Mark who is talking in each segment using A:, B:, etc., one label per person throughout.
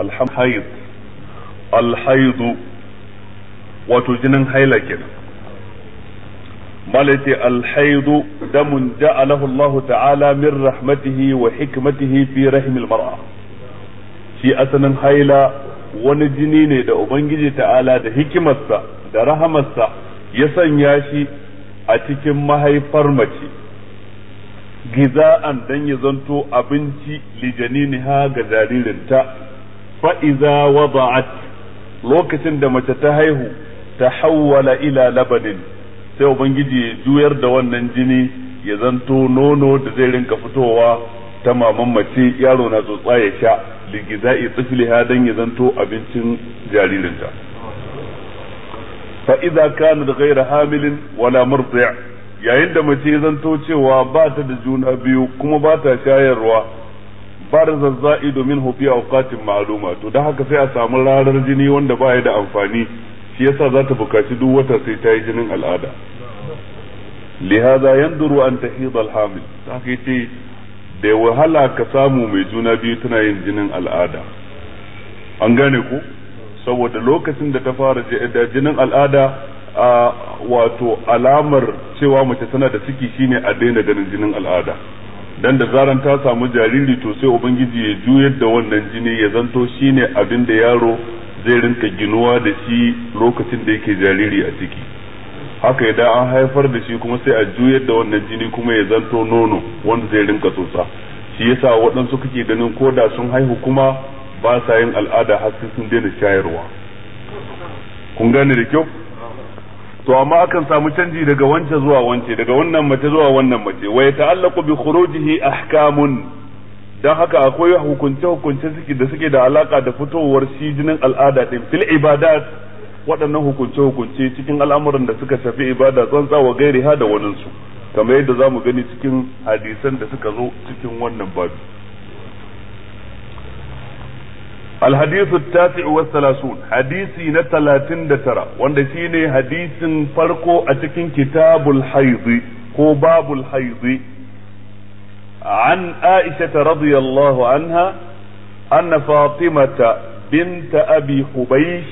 A: alham haid alhaidu wato jinin haila kenan malati alhaidu damun ja'alahu Allah ta'ala min rahmatihi wa hikmatihi fi rahimil mar'a shi asanin haila wani jini ne da ubangiji ta'ala da hikimarsa da rahamarsa ya sanya shi a cikin mahaifar mace giza'an dan ya zanto abinci lijani ha ga jaririnta fa'iza wada'at lokacin da mace ta haihu ta hawwala ila labanin sai ubangiji ya juyar da wannan jini ya zanto nono da zai rinka fitowa ta maman mace yaro na tsotsa ya sha tsifili ha dan ya zanto abincin jaririnta fa idza kana ghayra hamilin wala murdi' yayin da mace ya zanto cewa ba ta da juna biyu kuma ba ta shayarwa barzan zazza'i domin hufi a aukatin ma'aluma to da haka sai a samu rarar jini wanda ba ya da amfani shi yasa za ta bukaci duk wata sai ta yi jinin al'ada lihaza yanduru an tahid alhamil ta haka ce da wahala ka samu mai juna biyu tana yin jinin al'ada an gane ku saboda lokacin da ta fara da jinin al'ada a wato alamar cewa mace tana da ciki shine a daina ganin jinin al'ada dan da zaran ta samu jariri to sai ubangiji ya juyar da wannan jini ya zanto shine abin da yaro zai rinka ginuwa da shi lokacin da yake jariri a ciki haka idan an haifar da shi kuma sai a juyar da wannan jini kuma ya zanto nono wanda zai rinka tsotsa shi yasa waɗansu kake ganin ko da sun haihu kuma ba sa yin al'ada har sai sun daina shayarwa kun gane da kyau to amma akan samu canji daga wance zuwa wance daga wannan mace zuwa wannan mace wa yata'allaqu bi khurujihi ahkamun dan haka akwai hukunce hukunce suke da suke da alaka da fitowar shi jinin al'ada din fil ibadat waɗannan hukunce hukunce cikin al'amuran da suka shafi ibada tsantsa wa gairiha da waninsu kamar yadda zamu gani cikin hadisan da suka zo cikin wannan babu الحديث التاسع والثلاثون حديثي نتلاتين دترا واندسيني حديث فرقو أتكين كتاب الحيض قباب الحيض عن عائشة رضي الله عنها أن فاطمة بنت أبي حبيش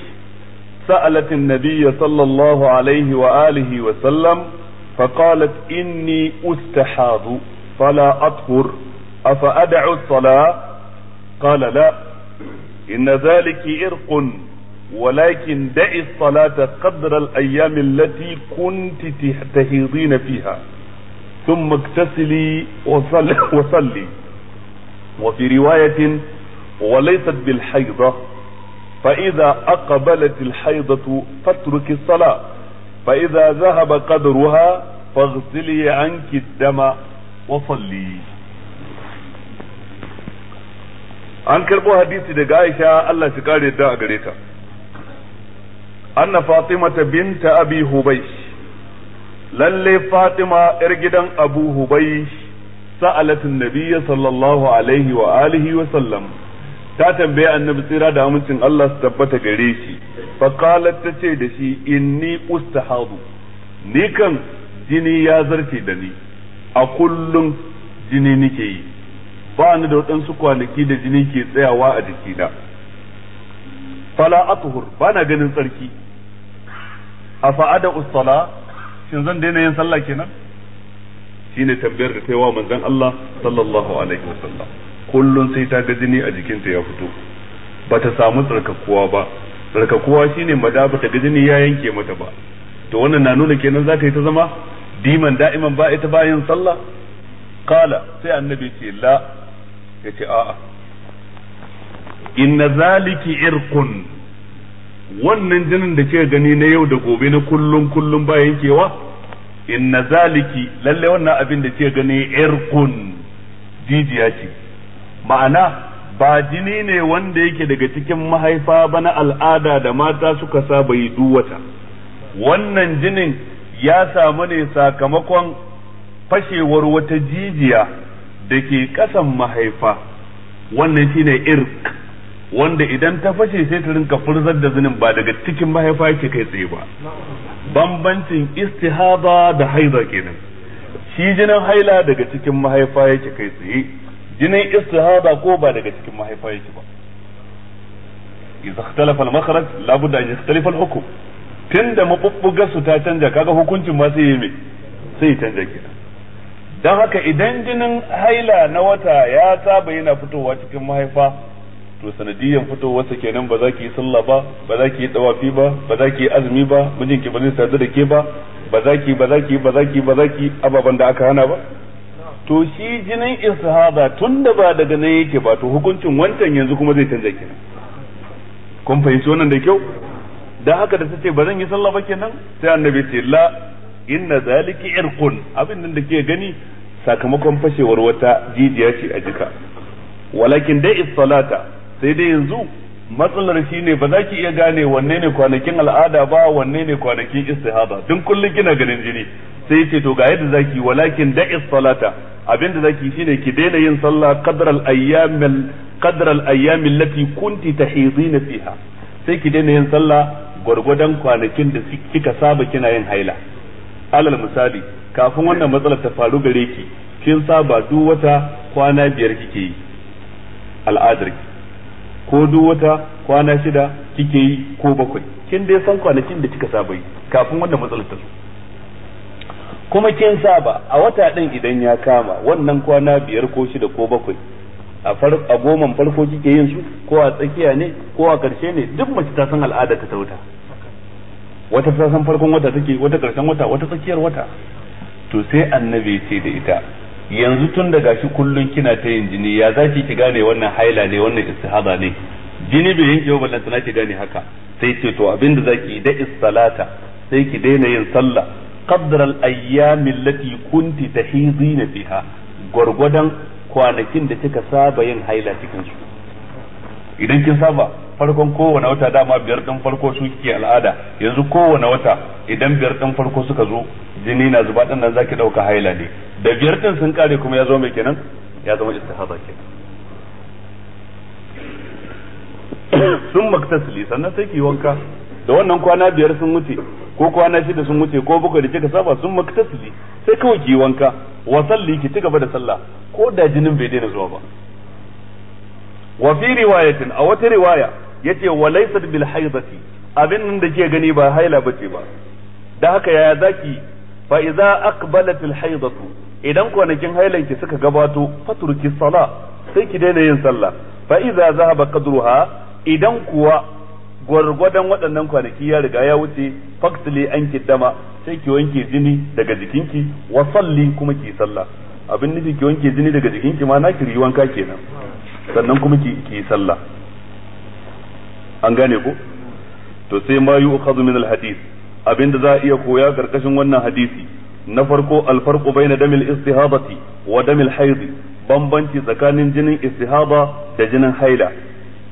A: سألت النبي صلى الله عليه وآله وسلم فقالت إني أستحاض فلا أطهر أفأدع الصلاة قال لا إن ذلك إرق ولكن دعي الصلاة قدر الأيام التي كنت تهيضين فيها ثم اغتسلي وصلي, وصلي وفي رواية وليست بالحيضة فإذا أقبلت الحيضة فاترك الصلاة فإذا ذهب قدرها فاغسلي عنك الدم وصلي an karbo hadisi daga Aisha Allah shi kare da a gare ta anna ta binta abi hubaysh lalle fatima yar gidan abu hubaysh sa'alatin nabiy sallallahu alaihi wa alihi wa sallam ta tambaye annabi tsira da amincin Allah su tabbata gare shi fa qalat ce da shi inni ustahadu ni kan jini ya zarce da ni a kullum jini nike yi ba ni da waɗansu kwanaki da jini ke tsayawa a jikina fala atuhur ba na ganin tsarki a fa'ada Ustala. shin zan daina yin sallah kenan shine tambayar da ta yi manzon Allah sallallahu alaihi wasallam kullun sai ta ga jini a jikinta ya fito bata samu tsarkakuwa ba tsarkakuwa shine mada ta ga jini ya yanke mata ba to wannan na nuna kenan za ta yi ta zama diman da'iman ba ita bayan sallah qala sai annabi ce la yace a'a inna zaliki irqun wannan jinin da ke gani na yau da gobe na kullum kullum ba yankewa inna zaliki lalle wannan abin da ke gani irqun jijiya ce ma'ana ba jini ne wanda yake daga cikin mahaifa ba na al'ada da mata suka saba yi duwata wannan jinin ya samu ne sakamakon fashewar wata jijiya da ke kasan mahaifa wannan shine irk wanda idan ta fashe sai ta rinka furzar da zinin ba daga cikin mahaifa yake kai tsaye ba bambancin istihaba da haila kenan shi jinin haila daga cikin mahaifa yake kai tsaye jinin istihaba ko ba daga cikin mahaifa yake ba idza ikhtalafa al-makhraj budda an yakhtalifa al-hukm tunda mabubbugar su ta canja kaga hukuncin ma sai yi me sai canja kenan don haka idan jinin haila na wata ya saba yana fitowa cikin mahaifa to sanadiyan fitowarsa kenan ba za ki yi sallah ba ba za ki yi tawafi ba ba za ki yi azumi ba mijinki ba zai sadu da ke ba ba za ki ba za ki ba za ki ba za ki ababen da aka hana ba to shi jinin ishaba tun da ba daga nan yake ba to hukuncin wancan yanzu kuma zai canza kenan kun fahimci wannan da kyau dan haka da ce ba zan yi sallah ba kenan sai annabi ce la inna zaliki irqun abin nan da ke gani sakamakon fashewar wata jijiya ce a jika walakin dai istalata sai dai yanzu matsalar shi ne ba za ki iya gane wanne ne kwanakin al'ada ba wanne ne kwanakin ba don kullum kina ganin jini sai ce to ga yadda zaki walakin da salata abinda zaki shine ki daina yin sallah qadra ayyam qadra ayyam allati kunti tahizina fiha sai ki daina yin sallah gwargwadon kwanakin da kika saba kina yin haila alal misali kafin wannan matsalar ta faru gare ki kin saba duk wata kwana biyar kike yi al'adar ki ko duk wata kwana shida kike yi ko bakwai kin dai san kwanakin da kika saba yi kafin wannan matsalar ta zo kuma kin saba a wata din idan ya kama wannan kwana biyar ko shida ko bakwai a goman farko kike yin su ko a tsakiya ne ko a karshe ne duk mace ta san al'adar ta ta wata wata ta san farkon wata take wata karshen wata wata tsakiyar wata to sai annabi ce da ita yanzu tun da gashi kullun kina ta yin jini ya zaki ki gane wannan haila ne wannan istihada ne jini bai yanke ba ballanta sana ki gane haka sai ce to abinda ki yi da istalata sai ki daina yin sallah qadra al ayyam allati kunti tahizina fiha gwargwadon kwanakin da kika saba yin haila cikin su idan kin saba farkon kowane wata dama biyar din farko su kike al'ada yanzu kowane wata idan biyar ɗan farko suka zo jini na zuba ɗan nan zaki ɗauka haila ne da biyar ɗin sun kare kuma ya zama mai kenan ya zama istihaza kenan sun maktasili sannan sai ki wanka da wannan kwana biyar sun wuce ko kwana shida sun wuce ko bakwai da kika saba sun maktasili sai kawai ki wanka wa salli ki ci gaba da sallah ko da jinin bai daina zuwa ba wa fi riwayatin a wata riwaya yace wa laysat bil haidati abin da ke gani ba haila bace ba da haka yaya zaki fa idza aqbalat al idan kwanakin hailanki suka gabato faturki sala sai ki daina yin sallah fa idza zahaba qadruha idan kuwa gwargwadon waɗannan kwanaki ya riga ya wuce faktili an kiddama sai ki wanke jini daga jikinki wa salli kuma ki sallah abin nufi ki wanke jini daga jikinki ma na ki wanka kenan sannan kuma ki ki sallah an gane ko to sai ma yu'khadhu min al abinda za a iya koya karkashin wannan hadisi na farko bai na damil istihabati wa damil haizi bambanci tsakanin jinin istihaba da jinin haila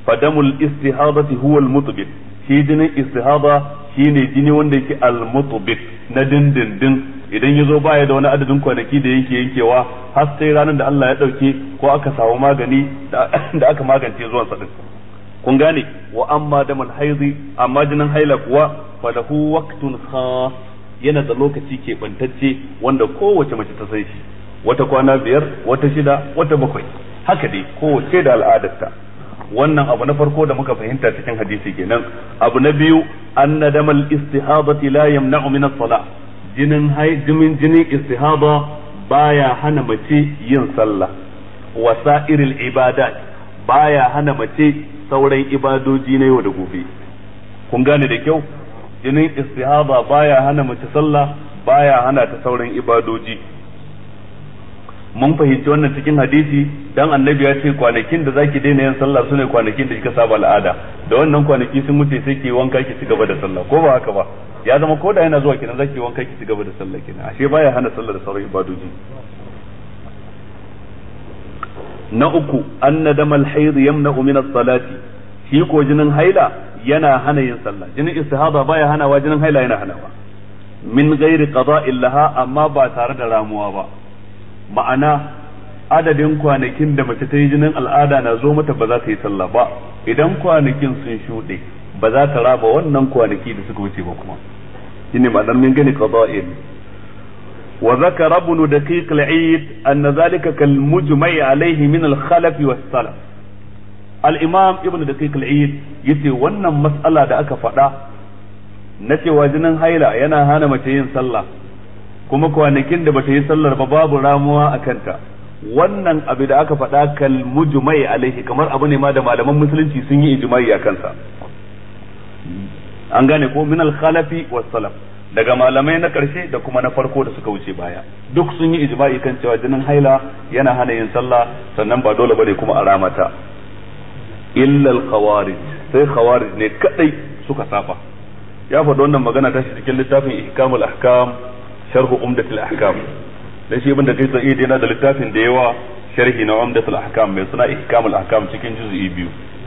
A: fadamul istihabati huwa almutbit shi jinin istihaba shine jini wanda yake almutbit na dindindin idan yazo baya da wani adadin kwanaki da yake yankewa har sai ranar da Allah ya dauke ko aka samu magani da aka magance zuwan sa din kun gane wa amma damul haizi amma jinin haila kuwa falahu waqtun khas yana da lokaci ke wanda kowace mace ta san shi wata kwana biyar wata shida wata bakwai haka dai kowace da al'adarta wannan abu na farko da muka fahimta cikin hadisi kenan abu na biyu anna damal istihadati la yamna'u min as-salah jinin hay jinin jinin istihada baya hana mace yin sallah wasairil ibadat baya hana mace sauran ibadoji na yau da gobe kun gane da kyau jinin istihaba baya hana mace sallah baya hana ta sauran ibadoji mun fahimci wannan cikin hadisi dan annabi ya ce kwanakin da zaki daina yin sallah sune kwanakin da kika saba al'ada da wannan kwanaki sun wuce sai ki wanka ki ci gaba da sallah ko ba haka ba ya zama ko da yana zuwa kenan zaki wanka ki ci gaba da sallah kenan ashe baya hana sallah da sauran ibadoji na uku anna damal yamna'u min as-salati shi ko jinin haila yana hana yin sallah jinin istihaba baya hanawa jinin haila yana hanawa min gairi kaza illaha amma ba tare da ramuwa ba ma'ana adadin kwanakin da mace ta yi jinin al'ada na zo mata ba za ta yi sallah ba idan kwanakin sun shuɗe ba za ta raba wannan kwanaki da suka wuce ba kuma shine ma'anar min gani qada'in wa zakara ibn daqiq al anna zalika kal mujma'i alayhi min al-khalaf was-salaf al-imam ibn da al ya ce wannan matsala da aka faɗa na cewa jinin haila yana hana mace yin sallah kuma kwanakin da bata yi sallar ba babu ramuwa a kanta wannan abu da aka faɗa kal mujmai alaihi kamar abu ne ma da malaman musulunci sun yi ijma'i a kansa an gane ko min al-khalafi was salaf daga malamai na karshe da kuma na farko da suka wuce baya duk sun yi ijma'i kan cewa jinin haila yana hana yin sallah sannan ba dole bane kuma a ramata illa al-khawarij sai khawarij ne kadai suka saba ya faɗi wannan magana ta shi cikin littafin ihkamul ahkam sharhu umdatul ahkam dan shi ibn da kai sai yana da littafin da yawa sharhi na umdatul ahkam mai suna ihkamul ahkam cikin juz'i biyu